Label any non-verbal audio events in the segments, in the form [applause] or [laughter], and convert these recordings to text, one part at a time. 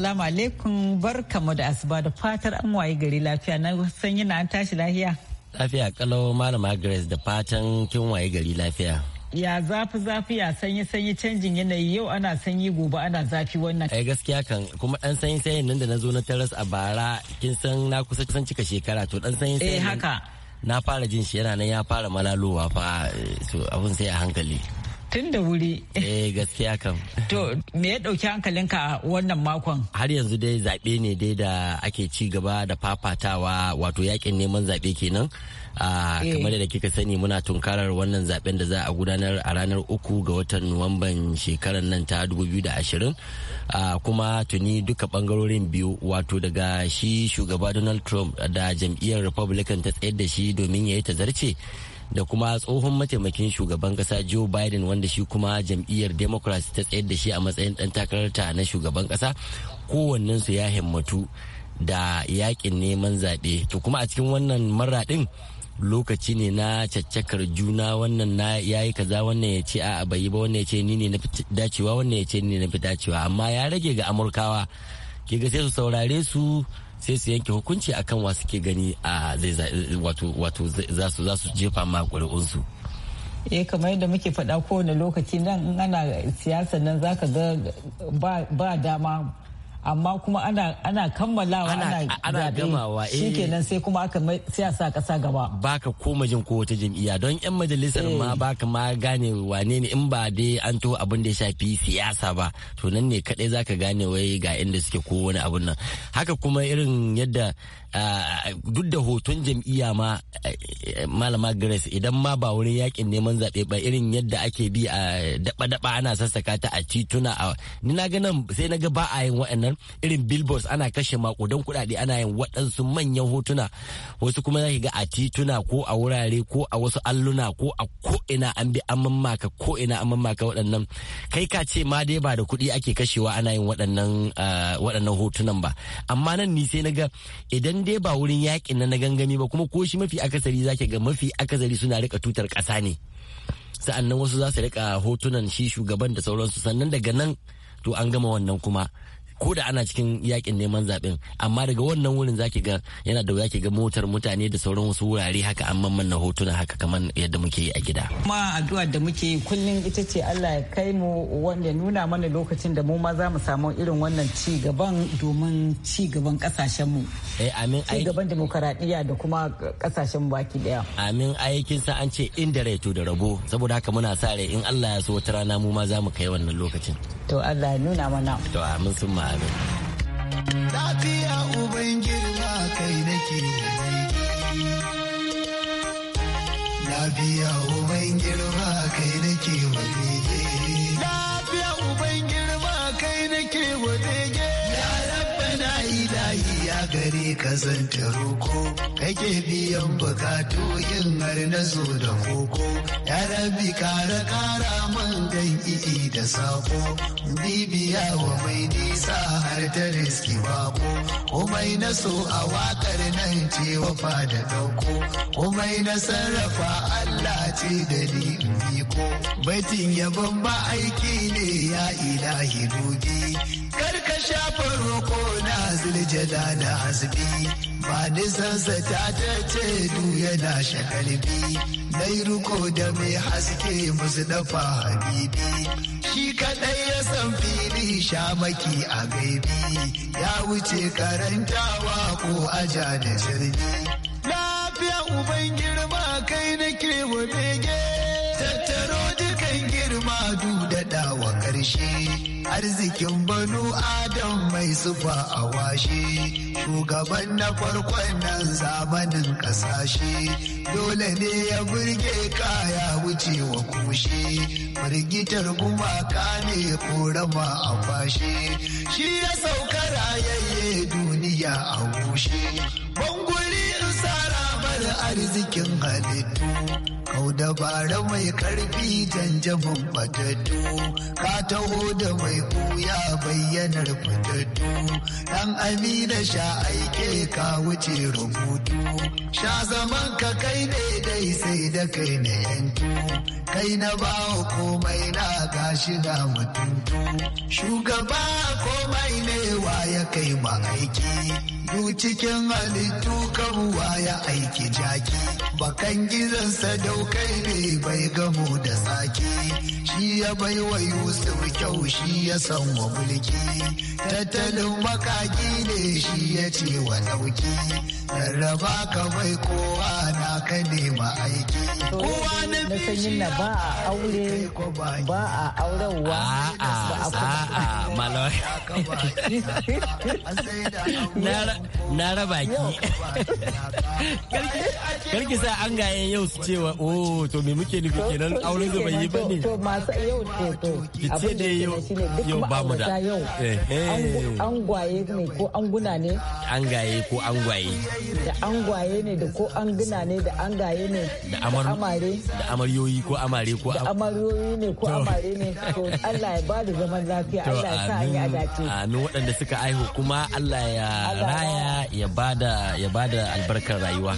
Assalamu alaikum barkamu da asuba da fatar an waye gari lafiya na san yana an tashi lafiya. Lafiya kalau malama Grace da fatan kin waye gari lafiya. ya zafi zafi ya sanyi sanyi canjin yanayi yau ana sanyi gobe ana zafi wannan ai gaskiya kan kuma dan sanyi sanyi nan da na zo na taras a bara kin san na kusa kusan cika shekara to dan sanyi sanyi. eh haka na fara jin shi yana nan ya fara malalowa fa so eh, abun sai a hankali tun da wuri eh gaskiya kan. to me ya ɗauki hankalinka wannan makon har yanzu dai zaɓe ne dai da ake ci gaba da fafatawa wato yakin neman zaɓe kenan ah, eh. kamar da kika sani muna tunkarar wannan zaɓen da za a gudanar a ranar uku ga watan nuwamban shekarar nan ta 2020 ashirin ah, kuma tuni duka bangarorin biyu wato daga shi shugaba donald trump da jam'iyyar republican ta tsayar da shi domin ya yi tazarce da kuma tsohon mataimakin shugaban kasa joe biden wanda shi kuma jam'iyyar democrats ta tsayar da shi a matsayin dan takararta na shugaban kasa kowannensu ya himmatu da yakin neman zaɓe to kuma a cikin wannan maraɗin lokaci ne na caccakar juna wannan na yayi kaza wannan ya ce a bai ba wannan ya ce ni ne na dacewa wannan ya ce ni ne na fi dacewa amma ya rage ga amurkawa ke ga sai su saurare su sai su yanke hukunci akan wa suke gani a zai wato za za su jefa ma ƙuri'unsu. eh kamar yadda muke faɗa kowane lokaci nan in ana siyasa nan zaka ga ba dama amma kuma ana kammalawa ana gamawa eh shikenan sai kuma aka sai sa kasa gaba baka koma jin ko wata jam'iyya don yan majalisar ma eh. baka ma gane wane ne in ba dai an to abin da ya shafi siyasa ba to nan ne kadai zaka gane wai ga inda suke ko wani abun nan haka kuma irin yadda Eh, duk da hoton jam'iyya ma eh, malama grace idan ma ba wurin yakin neman zaɓe ba irin yadda ake bi a daba-daba ana sassaka ta a tituna a ni na ganin sai na ga ba a yin waɗannan irin billboards ana kashe makudan kuɗaɗe ana yin waɗansu manyan hotuna wasu kuma zaki ga a tituna ko a wurare ko a wasu alluna ko a ko ina an bi an mamaka ko ina an mamaka waɗannan kai ka ce ma dai ba da kuɗi ake kashewa ana yin waɗannan eh, waɗannan hotunan ba amma nan ni sai na ga idan in dai ba wurin yakin na na gangami ba kuma ko shi mafi akasari zaki ga mafi akasari suna rika tutar ƙasa ne sa'annan wasu za su rika hotunan shi shugaban da sauransu sannan daga nan to an gama wannan kuma ko da ana cikin yakin neman zaɓen amma daga wannan wurin zaki ga yana da wuya ki ga motar mutane da sauran wasu wurare haka an na hotuna haka kamar yadda muke yi a gida. kuma addu'a da muke yi kullum ita ce Allah ya kai mu wanda nuna mana lokacin da mu ma za mu samu irin wannan ci gaban domin ci gaban kasashen mu. Eh amin Ci gaban demokaradiyya da kuma kasashen baki daya. Amin aikin sa an ce inda rai to da rabo saboda haka muna sa rai in Allah ya so wata rana mu ma za mu kai wannan lokacin. To Allah ya nuna mana. To amin sun ma amin lafiya uban girma kai nake lafiya uban girma kai nake wani kokari ka zanta roko kake biyan bukatu yin har na zo da koko ya rabi kara kara man dan iki da sako bibiya wa mai nisa har ta riski bako komai na so a wakar nan ce wafa da dauko komai na sarrafa Allah ce da ni ko yabon ba aiki ne ya ilahi dubi shafa roko na ziljada da hasbi ba nisansa ta ta ce du yana shakalbi mai ruko da mai haske musu dafa habibi shi kaɗai ya san fili shamaki a gaibi ya wuce karantawa ko aja da sirri lafiya uban girma kai nake wa bege tattaro dukan girma du da shi arzikin banu adam mai zuba a washe shugaban na farkon nan zamanin kasashe dole ne ya burge kaya wuce wa kushe firgitar gumaka ne korama a fashe shi ya sauka rayayye duniya a bushe bango arzikin halittu kau dabara mai karfi janjamin fatattu ka taho da mai kuya bayyanar fatattu dan amina sha aike ka wuce rubutu sha zaman ka kai dai sai da kai na yantu kai na bawa komai na shi ga mutum shugaba komai ne wa ya kai ma aiki du cikin halittu kawuwa ya aiki jaki bakan gizansa daukai ne bai gamo da sake shi ya bai wa Yusuf kyau shi ya san wa mulki tattalin makaki ne shi ya ce wa dauki rarraba ka bai kowa na ka nema aiki kowa na sanyin na ba a aure ba a a [laughs] a [laughs] malawai na raba ki [laughs] karki sa an gaye yau su cewa oh to me muke nufi kenan auren zuba yi ba ne sa yau ce to abin da yake shi ne mu ma'aurata yau angwaye ne ko anguna ne angaye ko angwaye da angwaye ne da ko anguna ne da angaye ne da amare da amaryoyi ko amare ko da amaryoyi ne ko amare ne [laughs] to Allah ya bada zaman lafiya Allah ya sa an yi adace amin waɗanda suka aihu kuma Allah ya raya ya bada ya bada albarkar rayuwa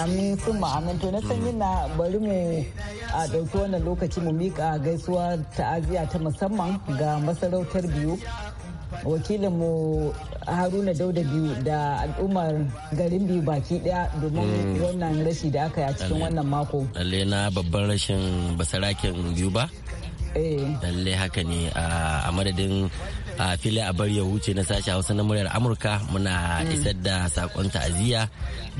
amin sun ma'amin to na san yana bari mu a ɗauki wannan lokaci mu mika gaisuwa ta'aziyya ta musamman ga masarautar biyu wakilinmu haruna dauda biyu da al'ummar garin biyu baki daya domin mm. wannan rashi da aka yi a cikin wannan mako lalle na babban rashin basarakin biyu ba eh. lalle haka ne a madadin a fili a bari ya wuce na sashi hausa na muryar amurka muna mm. isar da sakon ta'aziyya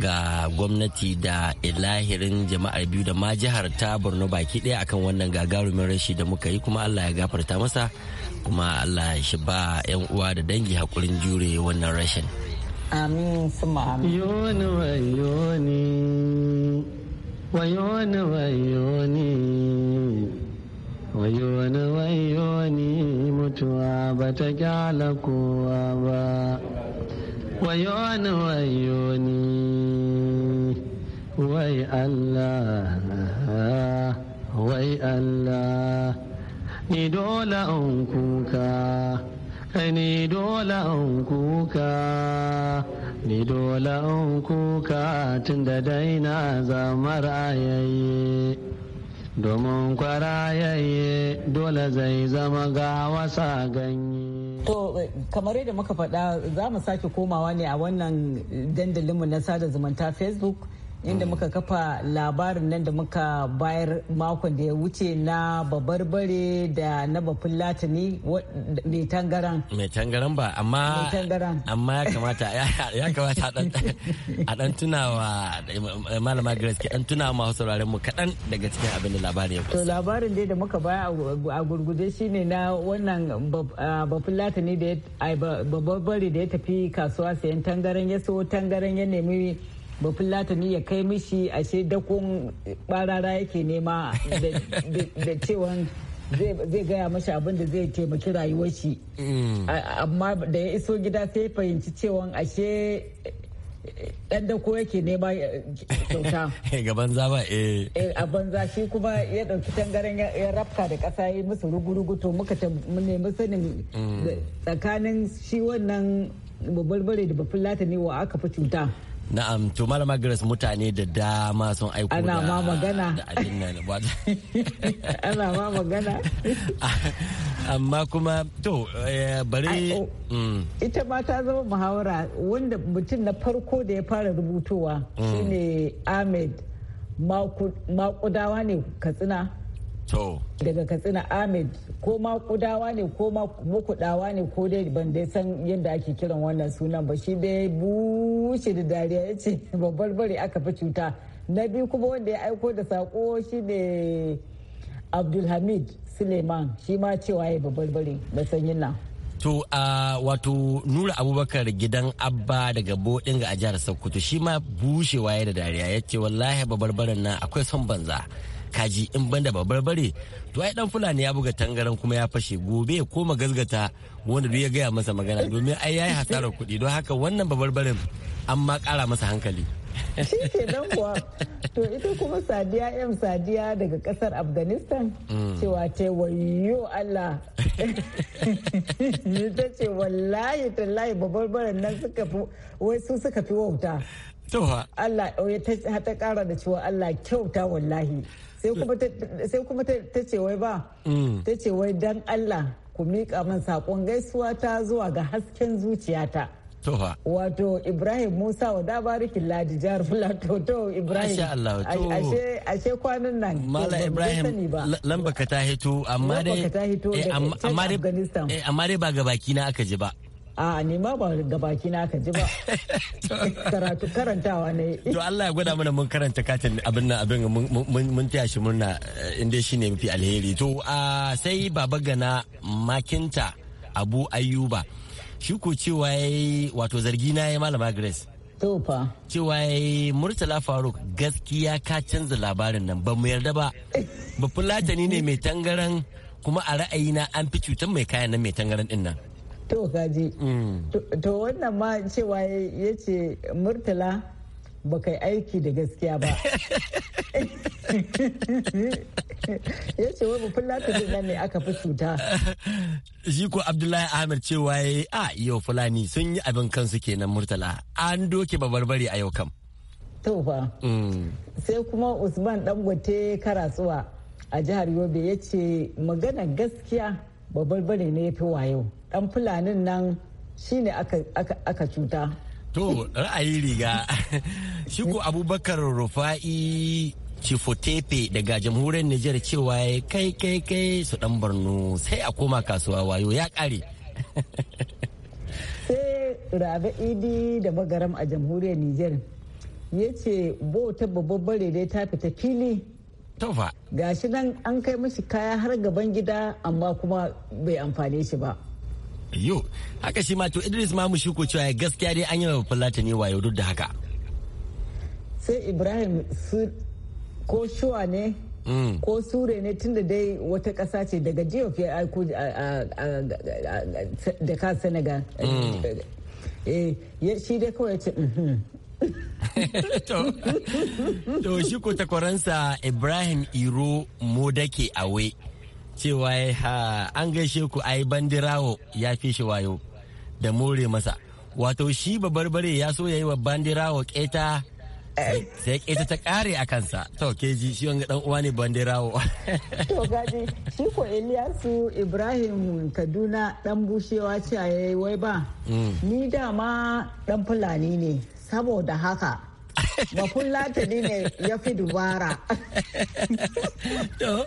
ga gwamnati da ilahirin jama'ar biyu da ma jihar ta borno baki ɗaya akan wannan gagarumin rashi da muka yi kuma allah ya gafarta masa kuma allah ya shi ba 'yan uwa da dangi hakurin jure wannan rashin wayo suma wayo ne mutuwa ba ta kyala kowa ba wayo wayo ni wai allah wai allah ni dole an kuka ni dole an kuka ni dole an kuka tun da daina zamar ayaye domin kwara kwarayayye dole zai zama ga wasa ganye. To kamar yadda muka faɗa za mu sake komawa ne a wannan dandalinmu na sada zumunta Facebook. inda mm. muka kafa labarin nan da muka bayar makon da ya wuce na babarbare da na babban latini mai tangaran mai tangaran ba amma amma ya kamata ya kamata a dan tunawa malama grace ke dan tunawa masu sauraren mu kadan daga cikin abin da labarin ya to labarin dai da muka baya a gurguje shine na wannan babban latini da ya bare da ya tafi kasuwa sayan tangaran ya so tangaran ya nemi bafin latani ya kai mishi ashe dakon barara yake nema da cewan zai gaya mashi abin da zai taimaki rayuwar shi mm. amma da ya iso gida sai fahimci cewa ashe dan da yake nema eh, kyauta [laughs] eh, ga banza ba eh. eh a banza shi kuma ya dauki tangaren ya rafka da kasa ya musu rugurugu to muka nemi sanin mm. tsakanin shi wannan babbar bare da bafin latani wa aka fi cuta Na'am, to malam Grace mutane da dama sun aiko da [laughs] Ana ma magana. Ana ma magana. Amma kuma to eh, bari. Oh, mm. Ita ma ta zama muhawara wanda mutum na farko da ya fara rubutowa mm. shine Ahmed Makudawa ne Katsina. Daga Katsina Ahmed ko ma kudawa ne ko ma mukudawa ne ko dai ban dai san yadda ake kiran wannan sunan ba shi dai bushe da dariya ya ce [laughs] babbar bari aka fi cuta. Na biyu kuma wanda ya aiko da sako shi ne Abdulhamid Suleiman shi ma cewa ya babbar bari da sanyin nan. To a wato Nura Abubakar gidan Abba daga ga a jihar Sokoto shi ma bushewa ya da dariya ya ce wallahi babbar barin nan akwai son banza. kaji in banda babbar bare to ai dan fulani ya buga tangaran kuma ya fashe gobe ya koma gazgata wanda duk ya gaya masa magana domin ai yayi hasarar kuɗi don haka wannan babbar barbarin an ma ƙara masa hankali to ita kuma sadiya yan sadiya daga kasar afghanistan mm. cewa ta wayo allah [laughs] ta ce wallahi tallahi babbar baran nan suka fi wai su suka fi wauta Allah oh, ta kara da cewa Allah kyauta wallahi. Sai kuma ta ce wai ba, mm. ta ce wai dan Allah ku miƙa man saƙon gaisuwa ta zuwa ga hasken zuciyata. Wato Ibrahim Musa wa dabarikin Ladi jihar Filato to Ibrahim. Ashe kwanan nan. Mala Ibrahim lamba ka ta hito amma dai. Eh, eh, amma dai ba ga baki na aka ji ba. a ne ba ga baki na ka ji ba. [laughs] Karatu karantawa ne. To Allah ya gwada mana mun karanta katin abin nan abin mun taya shi murna eh, inda shi ne mafi alheri. To sai baba gana makinta Abu Ayyuba. Shi ko cewa yayi wato zargi na yayi malama Grace. To fa. Cewa yayi Murtala Faruk gaskiya ka canza labarin nan ba mu yarda ba. [laughs] Ba fulatani ne mai tangaran kuma a ra'ayina an fi cutar mai kayan nan mai tangaran din nan. to gaji mm. to wannan ma cewa ya ce murtala ba kai aiki da gaskiya ba [laughs] ya ce wai bufin latin nan ne aka fi cuta shi ko abdullahi ahmed cewa ya a yau fulani sun yi abin kansu kenan murtala an doke babarbare a yau kam to fa mm. sai kuma usman dangote karasuwa a jihar yobe ya ce magana gaskiya babarbare ne ya fi wayo dan fulanin nan shine aka cuta to ra'ayi riga [laughs] shi abubakar rufa'i Chifotepe daga jamhuriyar Nijar cewa ya kai kai kai su dan barno sai a koma kasuwa wayo ya kare. [laughs] Sai Rabe Idi da Bagaram a jamhuriyar Nijar ya ce bauta babbar dai ta fita fili. Gashi nan an kai mishi kaya har gaban gida amma kuma bai amfane shi ba. yo haka shi ma to idris mamu shi ko cewa gaskiya dai an yi wa fulata ne wayo duk da haka sai ibrahim su ko shuwa ne mm. ko sure ne tunda dai wata ƙasa ce daga jiyof ya aiko da ka senegal mm. eh, shi dai kawai ce mhm. [laughs] to shi ko takwaransa ibrahim iro modake awe cewa an gaishe ku ai bandirawo ya fi shi wayo da more masa wato shi babarbare ya so ya yi wa bandirawo keta sai keta ta kare a kansa to keji shi wanga dan uwa ne bandirawo [laughs] to gaji shi ko Iliyasu Ibrahim Kaduna dan bushewa ce yayi wai ba mm. ni dama dan fulani ne saboda haka Bafulatani ne ya fi dubara. To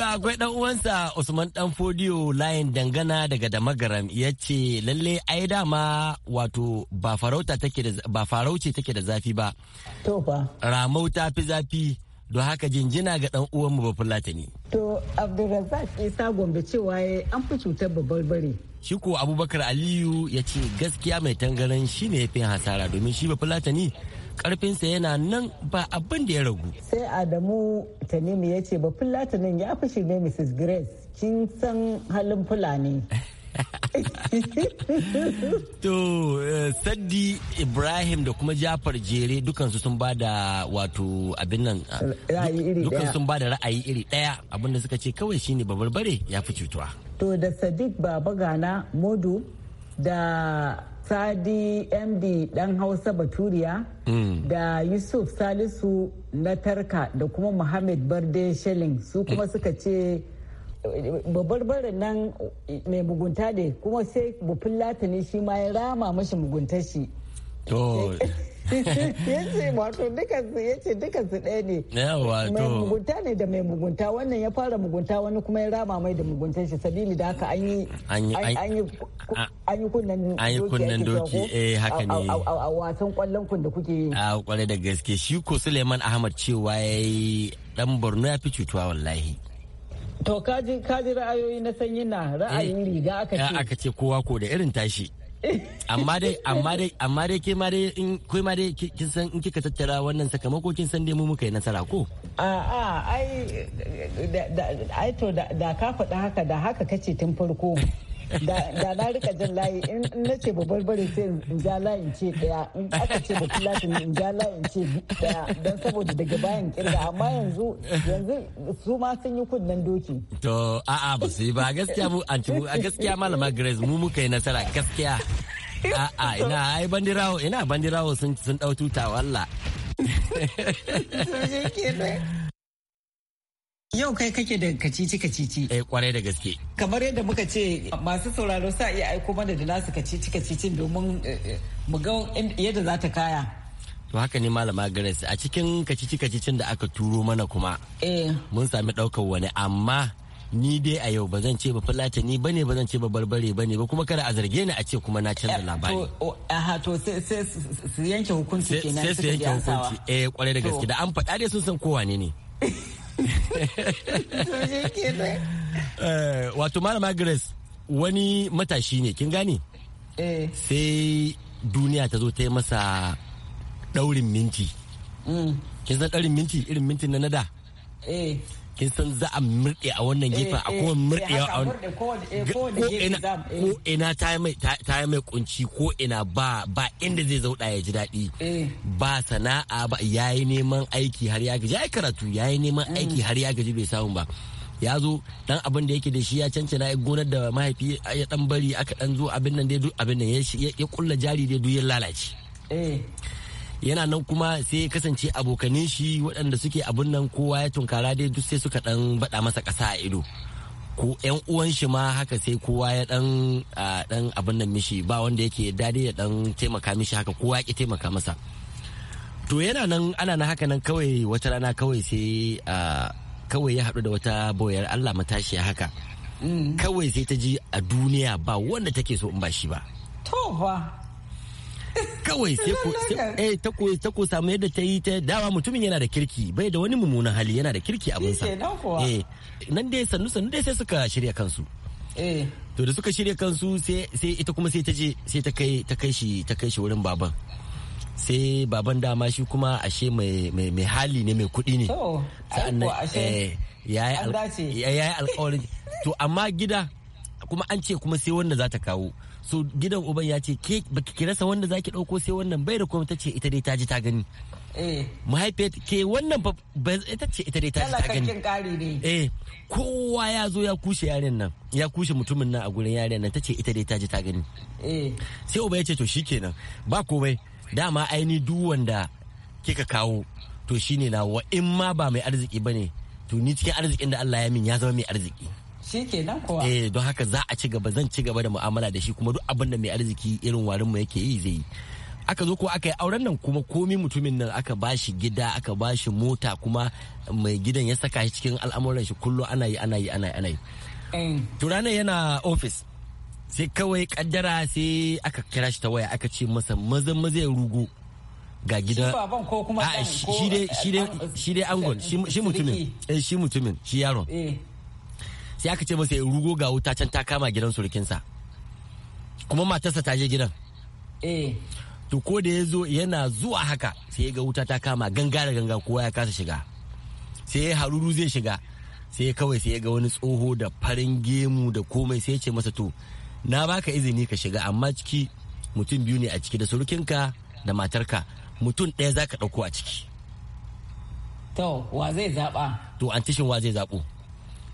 akwai ɗan uwansa Usman dan fodiyo layin dangana daga Damagaram ya ce lalle ai dama wato ba farauta take da ba farauce take da zafi ba. To fa. Ramau ta fi zafi don haka jinjina ga ɗan uwanmu Bafulatani. To Abdulrazak Isa Gombe cewa an fi cutar babbar bare. shi ko abubakar aliyu ya ce gaskiya mai tangaran shi ne ya fi hasara domin shi ba fulatani karfinsa yana nan ba abin da ya ragu sai adamu tanimu ya ce ba nan ya fushi ne mrs grace kin san halin fulani [laughs] to eh, saddi ibrahim da kuma jafar jere dukansu sun ba da wato abin nan ah, dukan sun ba da ra'ayi iri daya abinda suka ce kawai shine babarbare ya fi cutuwa to da sadiq baba gana modu da sadi md dan hausa baturiya hmm. da yusuf salisu na tarka da kuma muhammad barde shelling su kuma hmm. suka ce babarbarin nan mai mugunta ne kuma sai bufin latini shi ma ya rama mashi mugunta shi [laughs] yace wato dukansu yace dukansu ɗaya ne mai mugunta ne da mai mugunta wannan ya fara mugunta wani kuma ya rama mai da muguntar shi sabili da haka an yi an yi kunnan an yi kunnen doki eh haka ne a wasan kwallon kun da kuke yi a ah, kwarai da gaske shi ko Suleiman Ahmad cewa yayi dan Borno ya fi cutuwa wallahi to kaji kaji ra'ayoyi na sanyi na ra'ayin eh, riga aka ce aka ce kowa ko da irin tashi amma dai amma dai amma dai ke ma dai in kai ma dai kin san in kika tattara wannan sakamako kin san dai mu muka yi nasara ko a a ai ai to da ka faɗa haka da haka kace tun farko da na rika jin layi in na ce ba barbare sai in ja layin ce daya in aka ce babbar latin in ja layin ce daya don saboda daga bayan kirga amma yanzu yanzu su ma sun yi kunnen doki to a'a ba su yi ba gaskiya mu a gaskiya malama grace mu muka yi nasara gaskiya a'a ina ai bandirawo ina bandirawo sun sun dau tuta wallah Yau kai kake da kacici kacici. Eh kwarai da gaske. Kamar yadda muka ce masu sauraro sa iya aiko mana da nasu kacici kacicin domin eh, eh, mu ga yadda za ta kaya. To haka ne malama Grace a cikin kacici kacicin da aka turo mana kuma. Eh. Mun sami ɗaukar wani amma ni dai a yau ba zan ce ba fulata ni bane ba zan ce ba barbare bane ba kuma kada a zarge ni a ce kuma na canza eh, labari. Aha to sai su yanke hukunci kenan. Sai su yanke hukunci eh kwarai da gaske da an faɗa dai sun san kowa ne ne. [laughs] Eh, wato malama grace wani matashi ne kin gane eh. sai duniya ta zo ta yi masa daurin minti mm. kin san daurin minti irin mintin na nada eh. kin san za a murɗe a wannan gefen a eh, eh, kuma eh, murɗe a wannan ko ina ta yi mai kunci ko ina ba ba inda zai zauɗa ya ji daɗi ba sana'a ba ya yi neman aiki har ya gaji ya karatu ya yi neman mm. aiki har ya gaji bai samu ba ya zo dan abin da yake da shi ya cancana ya gonar da mahaifi ya dan bari aka dan zo abin nan dai abin nan ya kulla jari dai duk ya lalace yana nan kuma sai kasance abokanin shi waɗanda suke abun nan kowa ya tunkara dai duk sai suka dan baɗa masa ƙasa a ido ko ƴan uwan shi ma haka sai kowa ya dan dan abun nan mishi ba wanda yake dade ya dan taimaka mishi haka kowa ya ki taimaka masa to yana nan ana na haka nan kawai wata rana kawai sai kawai ya haɗu da wata boyar Allah matashiya haka mm. kawai sai ta ji a duniya ba wanda take so in ba shi ba to ba kawai sai eh, ta ko ta ku samu yadda ta yi ta dawa mutumin yana da kirki bai da wani mummunan hali yana da kirki abin sa eh nan dai sannu sannu dai sai suka shirya kansu eh to da suka shirya kansu sai sai ita kuma sai ta je sai ta kai ta kai shi ta kai shi wurin baban sai baban dama shi kuma ashe mai mai hali ne mai kuɗi ne sa'annan eh yayi alƙawarin to amma gida kuma an ce kuma sai wanda za ta kawo so gidan uban ya ce ke baki ki rasa wanda zaki dauko sai wannan bai da kuma ta ce ita dai ta ji ta gani eh mahaifiyar ke wannan ba ita ce ita dai ta ji ta gani eh kowa ya zo ya kushe yaren nan ya kushe mutumin nan a gurin yaren nan ta ce ita dai ta ji ta gani eh sai uba ya ce to shikenan ba komai dama aini duk wanda kika kawo to shine na wa in ma ba mai arziki bane to ni cikin arzikin da Allah ya min ya zama mai arziki shi kenan kuwa eh, don haka za a ci gaba zan ci gaba da mu'amala da shi kuma duk abin da mai arziki irin warin mu yake yi zai yi aka zo ko aka yi auren nan kuma komi mutumin nan aka ba shi gida aka ba shi mota kuma mai gidan ya saka shi cikin al'amuran shi kullum ana yi ana yi ana yi ana yi eh. yana ofis sai kawai kaddara sai aka kira shi ta waya aka ce masa mazan maza ya ga gida shi dai angon shi eh, mutumin shi yaron sai aka ce masa ya rugo ga wuta can ta kama gidan surukinsa kuma matarsa ta je gidan eh to ko da ya zo yana zuwa haka sai ya ga wuta ta kama ganga da ganga kowa ya kasa shiga sai ya haruru zai shiga sai kawai sai ya ga wani tsoho da farin gemu da komai sai ya ce masa to na baka izini ka shiga amma ciki mutum biyu ne a ciki da surukinka da matarka mutum ɗaya za ka ɗauko a ciki to wa zai zaɓa to antishin wa zai zaɓo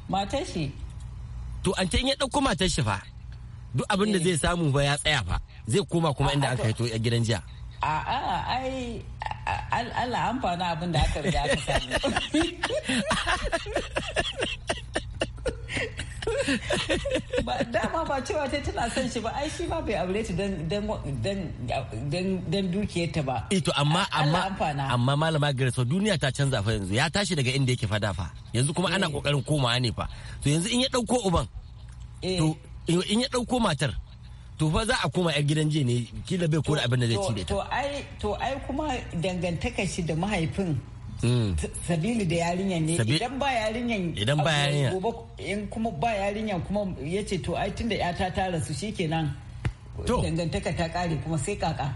matar shi to an ya ɗauko matar shi fa duk abin da eh. zai samu ba ya tsaya fa zai koma kuma inda aka haito a gidan jiya a a ai Allah amfana abin da aka riga aka samu [laughs] ba dama ba cewa ta tana son shi ba ai shi ba bai aure ta dan dan dan dan dukiyar ta ba eh to amma amma amma malama Grace duniya ta canza fa yanzu ya tashi daga inda yake fada fa yanzu kuma ana eh. kokarin komawa ne fa to yanzu in ya dauko uban eh. to in ya dauko matar to fa za a koma yar gidan je ne kila bai kora abin da zai ci da ta to ai to ai kuma dangantaka shi da mahaifin Mm. sabili da yarinyan ne idan ba yarinyan idan ba yarinyan in kuma ba yarinyan kuma ya ce to ai tunda yata ta rasu shikenan to dangantaka ta kare kuma sai kaka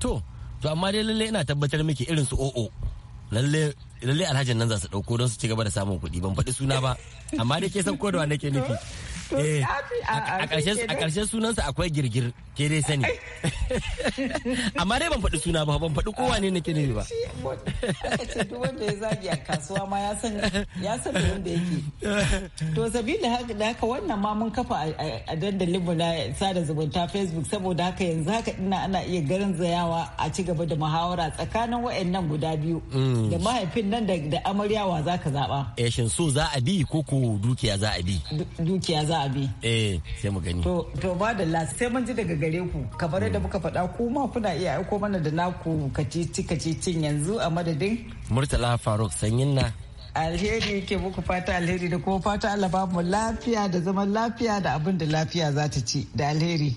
to to amma dai lalle ina tabbatar miki irin su o'o lalle lalle alhajin nan za su dauko don su ci gaba da samun kuɗi ban faɗi suna ba amma dai ke san kodawa nake nufi Eh, ah, ah, a ƙarshen sunansa akwai girgir ke dai sani [laughs] amma dai ban faɗi suna ba ban faɗi kowa ne nake ne ba wanda ya zagi a kasuwa ma ya san ya san wanda yake to sabili da haka wannan ma mun kafa a dandalin mu na sada zumunta facebook saboda haka yanzu haka ina ana iya garin zayawa a ci gaba da muhawara tsakanin wayannan guda biyu mm. da mahaifin nan da amaryawa zaka zaba eh shin so za a bi ko ko dukiya za a bi dukiya za abi. eh sai mu gani to to la, sai mun ji daga gare ku kamar da hmm. muka faɗa ku ma kuna iya aiko mana da naku kacici kacicin yanzu a madadin murtala faruk sanyin na alheri ke muku fata alheri da kuma fata Allah babu lafiya da zaman lafiya da abin da lafiya za ta ci da alheri